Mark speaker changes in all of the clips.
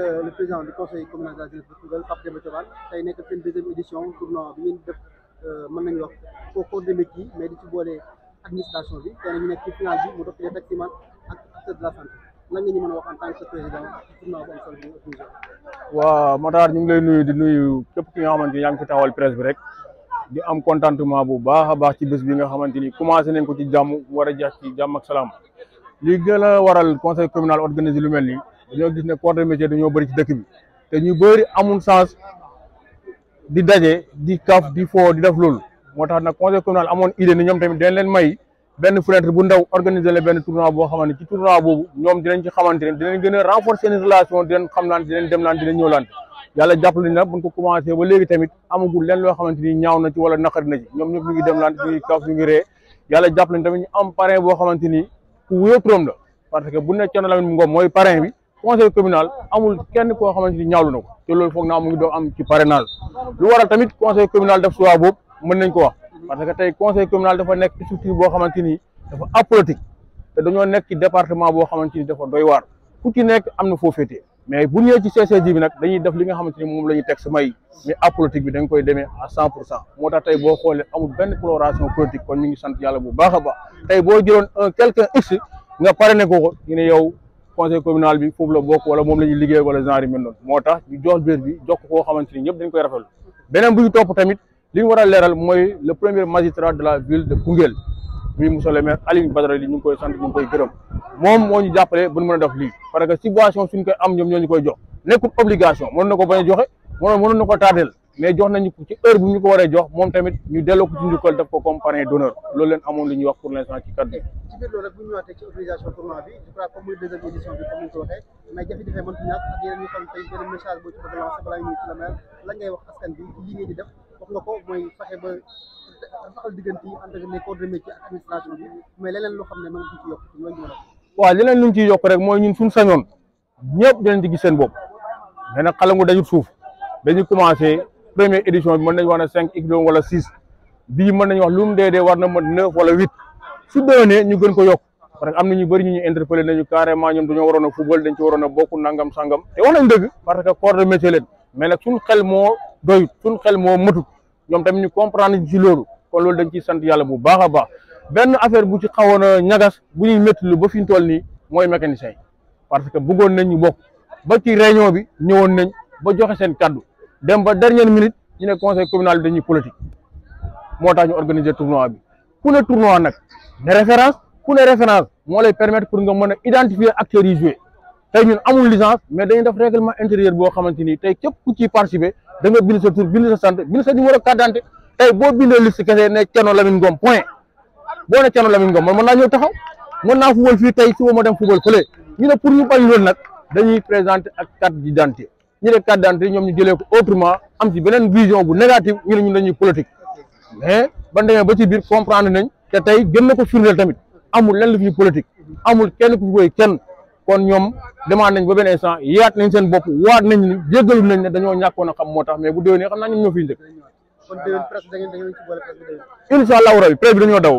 Speaker 1: le président du conseil communal de la jeunesse bu Koungheul Pape Demba euh, ci boole administration bi ñu bi mu dox les
Speaker 2: ñu ngi lay nuyu di nuyu képp ki nga xamante ni yaa ngi fi taxawal bi rek di am contentement bu baax a baax ci bés bi nga xamante ni commencé nañ ko ci jàmm war a jeex ci jàmm ak salaam li gën a waral conseil communal organisé lu mel ni dañoo gis ne corps de métier dañoo bëri ci dëkk bi te ñu bëri amul sens di daje di kaf di foo di def loolu moo tax nag conseil communal amoon idée ni ñoom tamit dañ leen may benn fenêtre bu ndaw organiser la benn tournoi boo xamante ne ci tournoi boobu ñoom dinañ ci xamante ne dinañ gën a renforcer seen relation dinañ xam naan dinañ dem naan dinañ ñëw laan yàlla jàppale na buñ ko commencé ba léegi tamit amagul leen loo xamante ni ñaaw na ci wala naqari na ci ñoom ñëpp ñu ngi dem laan ñu ngi kaf ñu ngi ree yàlla jàppale tamit ñu am parrain boo xamante ni ku wuyoo la parce que bu ne Thierno Lamine Ngom mooy parrain bi conseil communal amul kenn koo xamante ni ñaawlu na ko te loolu foog naa mu ngi doon conseil communal def choix boobu mën nañ ko wax parce que tey conseil communal dafa nekk structure boo xamante ni dafa apolitique te dañoo nekk département boo xamante ni dafa doy waar ku ci nekk am na foo féetee mais bu ñëwee ci CCJ bi nag dañuy def li nga xamante ni moom la ñuy teg samay mais apolitique bi dañ koy demee à cent pour cent moo tax tey boo xoolee amul benn coloration politique kon ñu ngi sant yalla bu ba a tey boo jëloon un x nga parrainé ko ko conseil communal bi foofu la bokk wala moom la ñuy wala genre yu moo tax ñu jox bi jox koo xamante ni dañ koy rafetlu beneen bu ñu topp tamit li war a leeral mooy le premier magistrat de la ville de Koungheul muy monsieur le maire Alioune Badara li moom moo ñu jàppale ba ñu mën a def lii parce que subvention suñ koy am ñoom ñoo ñu jox nekkul obligation mënoon na ko bañ a joxe mënoon mënoon na ko tardeel mais jox nañu ko ci heure bu ñu ko waree jox moom tamit ñu delloo ko ci njukkal ko comme parrain d'honneur loolu leen amoon lu wax pour l'instant ci kàddu
Speaker 1: ci biir loolu rek bu ñu mais jafe-jafe xam tey benn message boo ci bëgg wax askan bi li ko administration bi mais
Speaker 2: leneen lu ñu ciy yokk rek mooy ñun suñu sañoon ñëpp dinañ ci gis seen bopp mais nag xalangu dajut suuf dañu commencé première édition bi mën nañu wax ne cinq hectares wala six bii mën nañu wax lu mu dee dee war na mën neuf wala huit su doonee ñu gën ko yokk parce que am na ñu bëri ñu ñu interpellé nañu carrément ñoom dañoo waroon a football dañ ci waroon a bokk nangam sangam te wax nañ dëgg parce que corps métier leen mais nag suñ xel moo doyut suñ xel moo matut ñoom tamit ñu comprendre ñu ci loolu kon loolu dañ ciy sant yalla bu baax a baax benn affaire bu ci xawoon a ñagas bu ñuy métti lu ba fi ñu toll nii mooy mécanicien yi que bëggoon nañ ñu bokk ba ci réunion bi ñëwoon nañ ba joxe seen kaddu dem ba dernière minute ñu ne conseil communal bi dañuy politique moo tax ñu organiser tournoi bi ku ne tournoi nag ne référence ku ne référence moo lay permettre pour nga mën a identifier acteurs yi joué tey ñun amul licence mais dañuy def règlement intérieur boo xamante ni tey ku ciy participer da bind sa tur bind sa sant bind sa numéro carte d'identité tey boo bindee liste kese ne Thierno Lamine Ngom point boo ne Thierno Lamine Ngom man mën naa ñu ne carte ñoom ñu jëlee ko autrement am ci beneen vision bu négative ñu ne ñu dañuy politique mais ba demee ba ci biir comprendre nañ te tey gën na ko firndeel tamit amul lenn lu fi politique amul kenn ku koy kenn kon ñoom demande nañ ba benn instant yaat nañ seen bopp waat nañ ni jéggalu nañ ne dañoo ñàkkoon a xam moo tax mais bu déwénee xam naa ñoom ñoo fiy njëkk.
Speaker 1: kon déwén presque da ngeen da ngeen ci boole presque déwén.
Speaker 2: incha allahu rabi presse bi dañoo daw.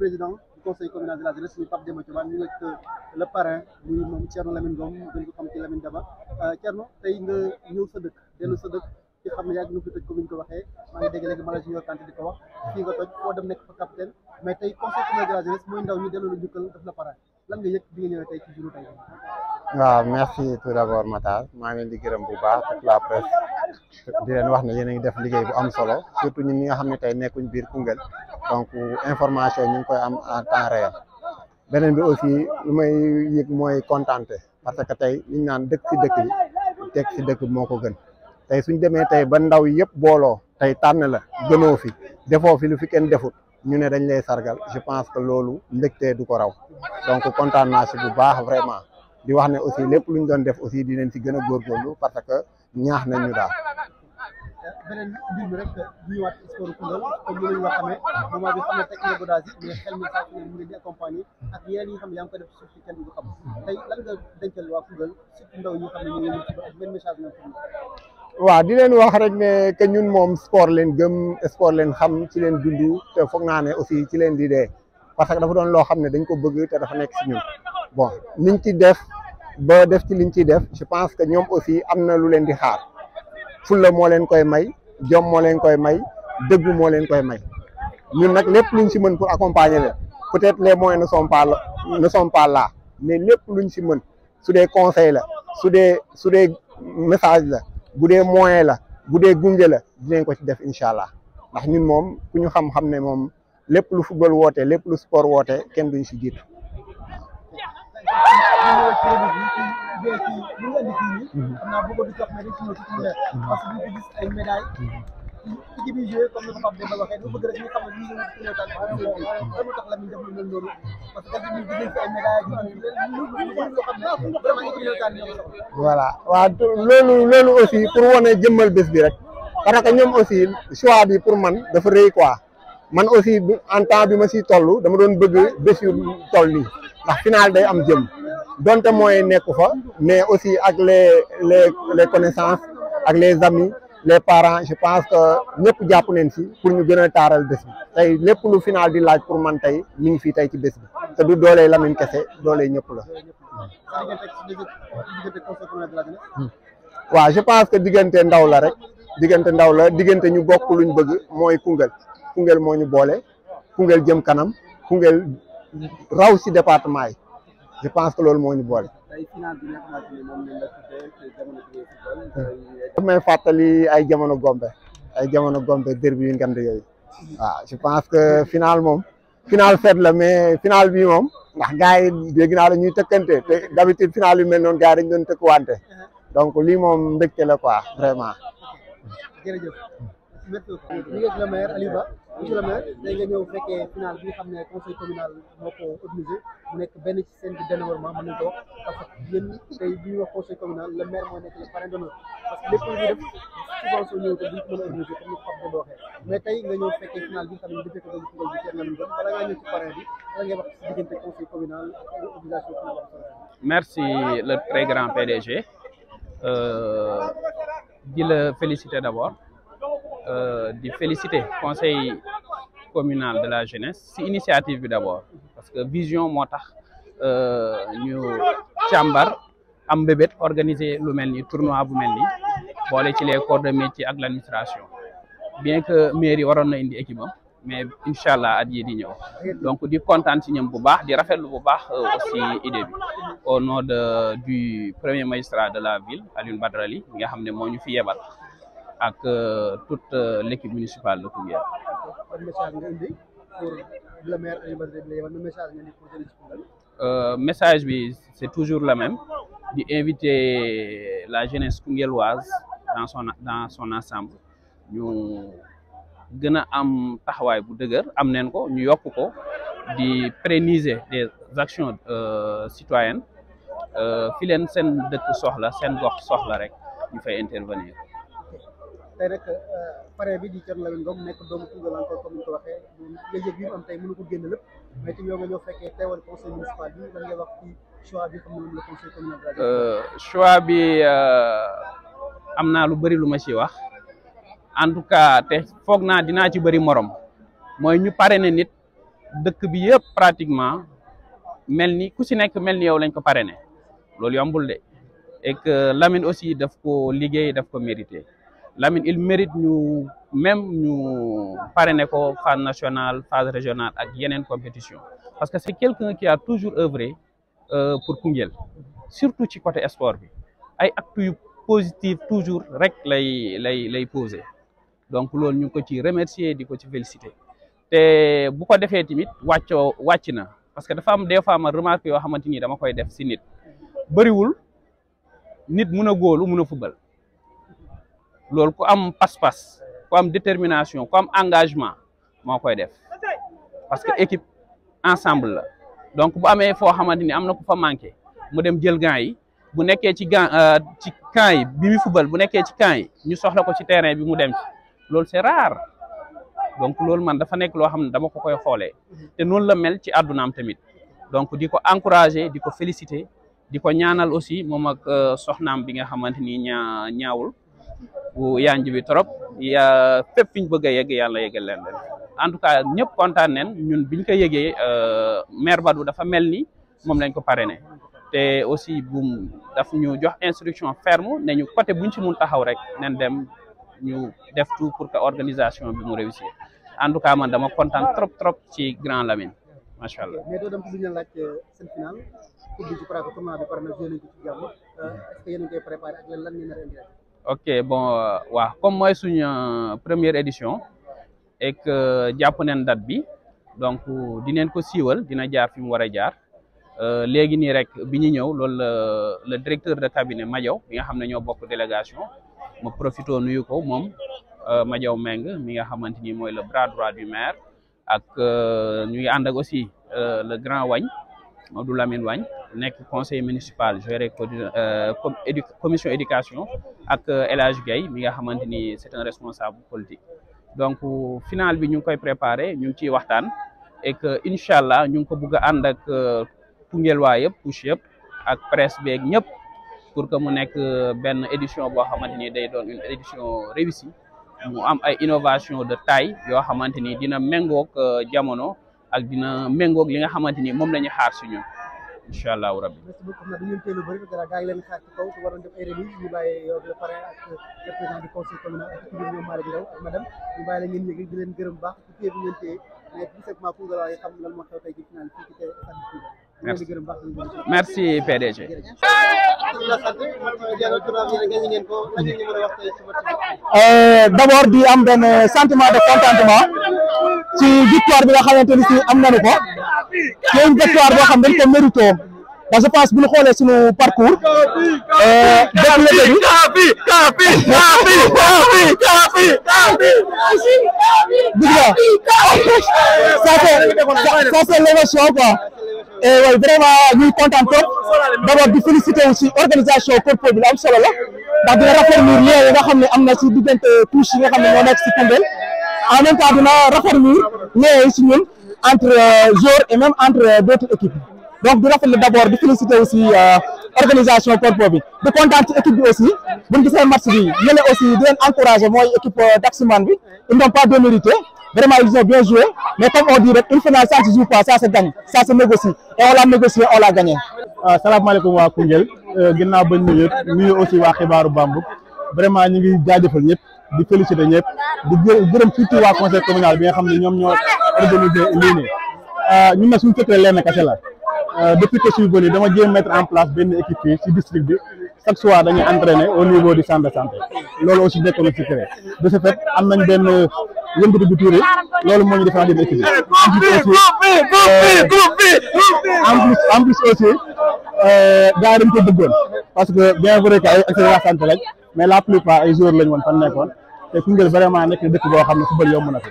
Speaker 1: président. conseil communal de la jeunesse muy Pape Demba Thioban ñu nekk le parrain muy moom Thierno Lamine Ngom gën ko xam ci Lamine Daba euh, Thierno tey nga ñëw sa dëkk dellu sa dëkk ci xam ne yàgg na fi toj comme ni ñu ko waxee maa ngi dégg léegi Malick Junior Kanté di ko wax fii nga toj foo dem nekk fa capitaine mais tey conseil communal de la jeunesse muy ndaw ñi delloo la njukkal def la parrain lan nga yëg bi nga ñëwee tey ci jour tey
Speaker 3: waaw merci tout d'abord Matar
Speaker 1: maa ngi leen di bu
Speaker 3: baax la presse di leen wax na yéen a ngi def liggéey bu am solo surtout ñun ñi nga xam ne tey nekkuñ biir Koungheul donc information ñu koy am en temps réel beneen bi aussi lu may yëg mooy contenté parce que tey liñ naan dëkk si dëkk bi teg si dëkk bi moo ko gën tey suñ demee tey ba ndaw yëpp booloo tey tànn la gënoo fi defoo fi lu fi kenn defut ñu ne dañ lay sargal je pense que loolu mbégte du ko raw donc kontaan naa si bu baax vraiment di wax ne aussi lépp lu ñu doon def aussi dinañ si gën a góorgóorlu parce que ñaax na ñu daal.
Speaker 1: beneen mbir mi ñu bi xam ne mais xel
Speaker 3: wax rek ne que ñun moom sport leen gëm sport leen xam ci leen dund te foog naa ne aussi ci leen di dee parce que dafa doon loo xam ne dañ ko bëgg te dafa nekk si ñun bon niñ ci def ba def ci liñ ciy def je pense que ñoom aussi am na lu leen di xaar fulla moo leen koy may jom moo leen koy may dëggu moo leen koy may ñun nag lépp luñ si mën pour accompagner leen peut-être les moyens ne sont pas là sont pas mais lépp luñ si mën su dee conseil la su dee su dee message la bu dee moyen la bu dee gunge la dinañ ko ci def incha allah ndax ñun moom ku ñu xam-xam ne moom lépp lu football woote lépp lu sport woote kenn duñ si jiitu voilà waaw loolu loolu aussi pour wane jëmmal bés bi rek parce que ñoom aussi choix bi pour man dafa rëy quoi man aussi en temps bi ma si tollu dama doon bëgg bés yu toll nii ndax final day am jëm donte moyen nekku fa mais aussi ak les les les connaissances ak les amis les parents je pense que ñëpp jàpp neen si pour ñu gën a taaral bés bi tey lépp lu final di laaj pour man tey mi ngi fii tey ci bés bi te du doolee Lamine kese doolee ñëpp la waaw je pense que diggante ndaw la rek diggante ndaw la diggante ñu bokk luñ bëgg mooy Koungheul Koungheul moo ñu boole Koungheul jëm kanam Koungheul raw si département yi je pense que loolu moo ñu boole.
Speaker 1: Hmm. Eh, daf
Speaker 3: may fàttali ay jamono gombe ay jamono gombe derbi yu ngand yooyu waaw je pense que final moom final fête la mais final bi moom ndax gars yi dégg naa la ñuy tëkkante te d'habitude final yu mel noonu gars yi dañ doon tëkkuwante uh-huh. donc lii moom mbégte la quoi vraiment
Speaker 1: jërëjëf merci beaucoup ñu ngi ak le maire Aliou Ba monsieur le maire day nga ñëw fekkee final bi nga xam ne conseil communal moo ko organisé mu nekk benn ci seen bi dénombrement mën nañ ko wax parce que yéen tey bi ñuy wax conseil communal le maire moo nekk le parrain d'honneur parce que lépp lu ñuy def subvention ñëw ko duñ ko mën a organisé comme ni ko Pape Gondo waxee mais tey nga ñëw fekkee final bi nga xam ne dafee ko dañu tugal bi teer na lu doon bala ngaa ñëw ci parrain bi bala ngay wax ci diggante conseil communal organisation
Speaker 4: final merci le très grand PDG euh... jila félicité féliciter d'abord euh, di félicité conseil communal de la jeunesse ci initiative bi d'abord parce que vision moo tax euh, ñu cambar am bébét organiser lu mel ni tournoi bu mel ni boole ci les corps de métier ak l'administration bien que mairie waroon na indi équipe mais incha allah at yii di ñëw donc di kontaan ci ñoom bu baax di rafetlu bu baax euh, aussi idée bi au nom de du premier magistrat de la ville Alioune Badara nga xam ne moo ñu fi yebal ak euh, toute euh, l' équipe municipale de Koungheul. message bi c' est toujours le même di inviter la jeunesse koungheuloise dans son dans son ensemble gën a am taxawaay bu dëgër am neen ko ñu yokk ko di pérenniser des actions euh, citoyennes euh, fi leen seen dëkk soxla seen gox soxla rek ñu fay intervenir.
Speaker 1: tey rek euh, bi di
Speaker 4: am naa lu bëri lu ma ci wax. en tout cas te foog naa dinaa ci bëri morom mooy ñu parrainé nit dëkk bi yëpp pratiquement mel ni ku si nekk mel ni yow lañ ko parrainé loolu yombul de et que Lamine aussi daf ko liggéey daf ko mérité Lamine il mérite ñu même ñu parrainé ko phase nationale phase régionale ak yeneen compétition parce que c'est quelqu'un qui a toujours œuvré euh, pour Koungheul surtout ci côté sport bi ay actes yu positif toujours rek lay lay lay posé donc loolu ñu ngi ko ci remercier di ko ci féliciter te bu ko defee tamit wàccoo wàcc na parce que dafa am des fois ma remarque yoo xamante ni dama koy def si nit bëriwul nit mun a góolu mun a fubal loolu ku am pas-pas ku am détermination ku am engagement moo koy def parce que équipe ensemble la donc bu amee foo xamante ni am na ku fa manqué mu dem jël gants yi bu nekkee ci gants euh, ci camp yi bi mu fubal bu nekkee ci camp yi ñu soxla ko ci terrain bi mu dem ci loolu c'est rare donc loolu man dafa nekk loo xam ne dama ko koy xoolee te noonu la mel ci àddunaam tamit donc di ko encourager di ko féliciter di ko ñaanal aussi moom ak euh, soxnaam bi nga xamante ni ñaa ñaawul yanj bi trop ya fépp fi ñu bëgg a yegg yàlla yeggal leen en tout cas ñëpp kontaan nañ ñun biñ ko yëgee euh, maire Badou dafa mel ni moom lañ ko parrainé te aussi bu daf ñu jox instruction ferme ne ñu côté buñ ci mun taxaw rek nen dem ñu def tout pour que organisation bi mu réussir en tout cas man dama kontaan trop trop ci Grand Lamine macha allah.
Speaker 1: Euh, euh,
Speaker 4: ok bon euh, waa comme mooy suñu première édition et jàpp nañ date bi donc dineen ko siiwal dina jaar fi mu war a jaar. léegi nii rek bi ñu ñëw loolu la le directeur de cabinet Madiaw bi nga xam ne ñoo bokk délégation ma profité nuyu ko moom euh, Madiaw Meng mi nga xamante ni mooy le bras droit du maire ak euh, ñu ngi ànd ak aussi euh, le grand Wagne Maodo Lamine wañ nekk conseil municipal géré commission éducation ak El Hadj Gueye mi nga xamante ni c'est un responsable politique donc finale bi ñu ngi koy préparé ñu ngi ciy waxtaan e que incha allah ñu ngi ko bëgg ànd ak Koungheul waa yëpp couche yëpp ak presse beeg ñëpp. pour que mu nekk euh, benn édition boo xamante ni day doon une édition réussie ah mu am ay innovation de taille yoo xamante ni dina méngoog euh, jamono ak dina méngoog li nga xamante ni moom la xaar si ñu
Speaker 1: bàyyi yow le parrain ak euh, représentant du conseil merci merci euh, di am benn sentiment de contentement ci victoire bi nga xamante ni si am nañu ko ci une victoire boo xam dañ ko
Speaker 3: mérité parce que je pense bu ñu xoolee parcours.
Speaker 1: depuis le début kaafi kaafi kaafi kaafi kaafi
Speaker 3: kaafi kaafi et way vraiment ñuy kontaan trop d' abord di félicité aussi organisation corpo bi la am solo la ndax dina raffermir lien yi nga xam ne am na si diggante yi nga xam ne moo nekk si Koungheul en même temps dina raffermir lien yi si ñun entre euh, joueurs et même entre euh, d' autres équipes donc di rafetlu d' abord di félicité aussi euh, organisation corpo bi di kontaan ci équipe bi aussi buñ gisee match bi ñu ne aussi di leen encouragé mooy équipe d' Aximane bi ils n'ont pas Vraiment, ils ont bien joué. Mais comme on dit, une finale, ça ne se joue pas, négocie. Et on l'a négocié, ah, waa Koungheul euh, ginnaaw bañ ñu yëpp nuyu aussi xibaaru Bambouck vraiment ñu ngi jaajëfal ñëpp di félicité ñëpp di gërëm surtout waa conseil communal bi nga xam ne ñoom ñoo organisé lii nii ah, ñun la ah, depuis que je suis dama jéem mettre en place benn équipe fii si district bi chaque soir dañuy entraîner au niveau du centre de santé loolu aussi nekkoon na secret de sa fait am nañ benn yëngatu bu tuuré loolu moo ñu différencié bi équipe bi en plus en plus aussi euh, gars dañ ko bëggoon parce que bien vrai que ay acteurs sant lañ mais la plupart ay joueurs lañ woon fan nekkoon te Koungheul vraiment nekk na dëkk boo xam ne football yomb na fi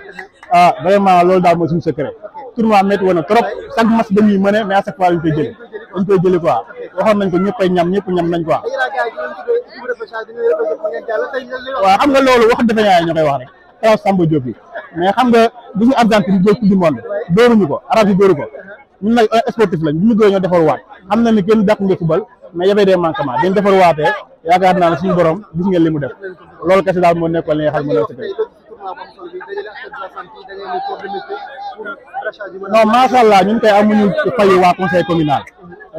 Speaker 3: ah vraiment loolu daal mooy suñu secret tournoi métti woon na trop chaque match dañuy mëne mais à chaque fois dañ koy jëlee dañ koy waxoon nañ ko ñëppay ñam ñëpp ñam nañ quoi waa xam nga loolu wax defe naa ñoo koy wax rek El Samba Diop bi mais xam nga bu ñu Argentine jël coupe du monde dóoruñu ko arab yi dóoru ko ñun nag euh, sportif lañ bu ñu ñoo defar waat xam na ni kenn dàq nga fubal mais yabee des manquements dañ defar waatee yaakaar naa ne suñu borom gis ngeen li mu def loolu kese daal moo nekkoon li nga xam ne moo
Speaker 1: nekk non macha allah ñun koy amuñu fayu waa conseil
Speaker 3: communal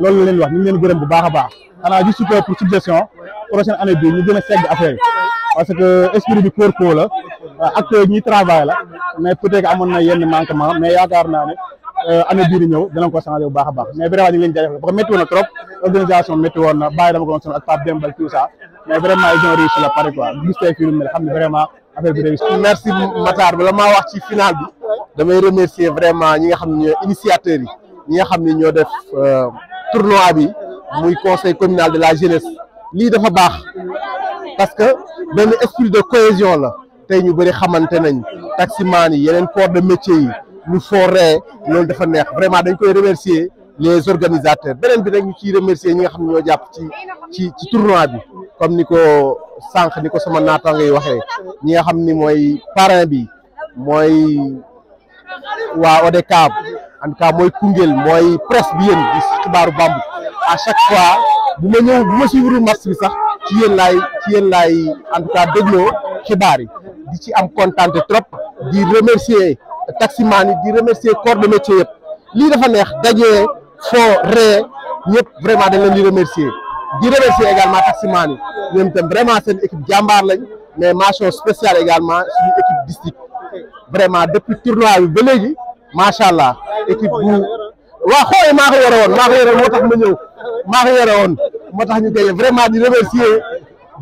Speaker 3: loolu la leen ñu ngi gërëm bu baax a baax xanaa juste pour suggestion prochaine ñu gën a segg affaire yi parce que esprit bi corpo la ak ñi travail la mais peut-être amoon na yenn manquement mais yaakaar naa ne euh, année bii di ñëw dinañ ko changé bu baax a baax mais vraiment ñu ngi leen jaajëfal parce que métti woon na trop organisation métti vraiment ñi nga xam ne ñooy initiateurs yi ñi nga xam ne ñoo def euh, tournoi bi muy conseil communal de la jeunesse lii dafa baax parce que benn esprit de cohésion la tey ñu bëri xamante nañ taximaan yi yeneen corps de métier yi ñu fooree loolu dafa neex vraiment dañ koy remercier les organisateurs beneen bi nag ñu ciy remercier ñi nga xam ne ñoo jàpp ci ci ci tournoi bi comme ni ko sànq ni ko sama naataango ngay waxee ñi nga xam ni mooy parrain bi mooy waa ODCAV en tout mooy Koungheul mooy presse bi yéen di xibaaru bamb à chaque fois bu ma ñëw bu ma suivre match bi sax. ci yéen laay ci yéen laay en tout cas dégloo xibaar yi di ci am kontaan trop di remercier taximaan yi di remercier corps de métier yëpp lii dafa neex dajee foo ree ñëpp vraiment dañ leen di remercier di remercier également taximaan yi ñoom itam vraiment seen équipe jàmbaar lañ mais mention spéciale également suñu équipe district vraiment depuis tournoi bi ba léegi macha allah équipe bu waaw xoolee maa ko yore woon maa yore woon moo tax ma ñëw maa yore woon moo tax ñu gagné vraiment di remercier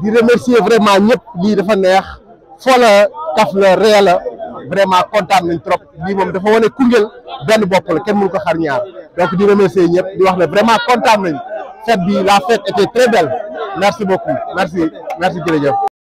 Speaker 3: di remercier vraiment ñëpp lii dafa neex foo la kaf la ree vraiment kontaan nañ trop lii moom dafa wane Koungheul benn bopp la kenn mun ko xar ñaar donc di remercier ñëpp di wax ne vraiment kontaan
Speaker 1: nañ fête bi la fête était très belle merci beaucoup merci merci jërëjëf.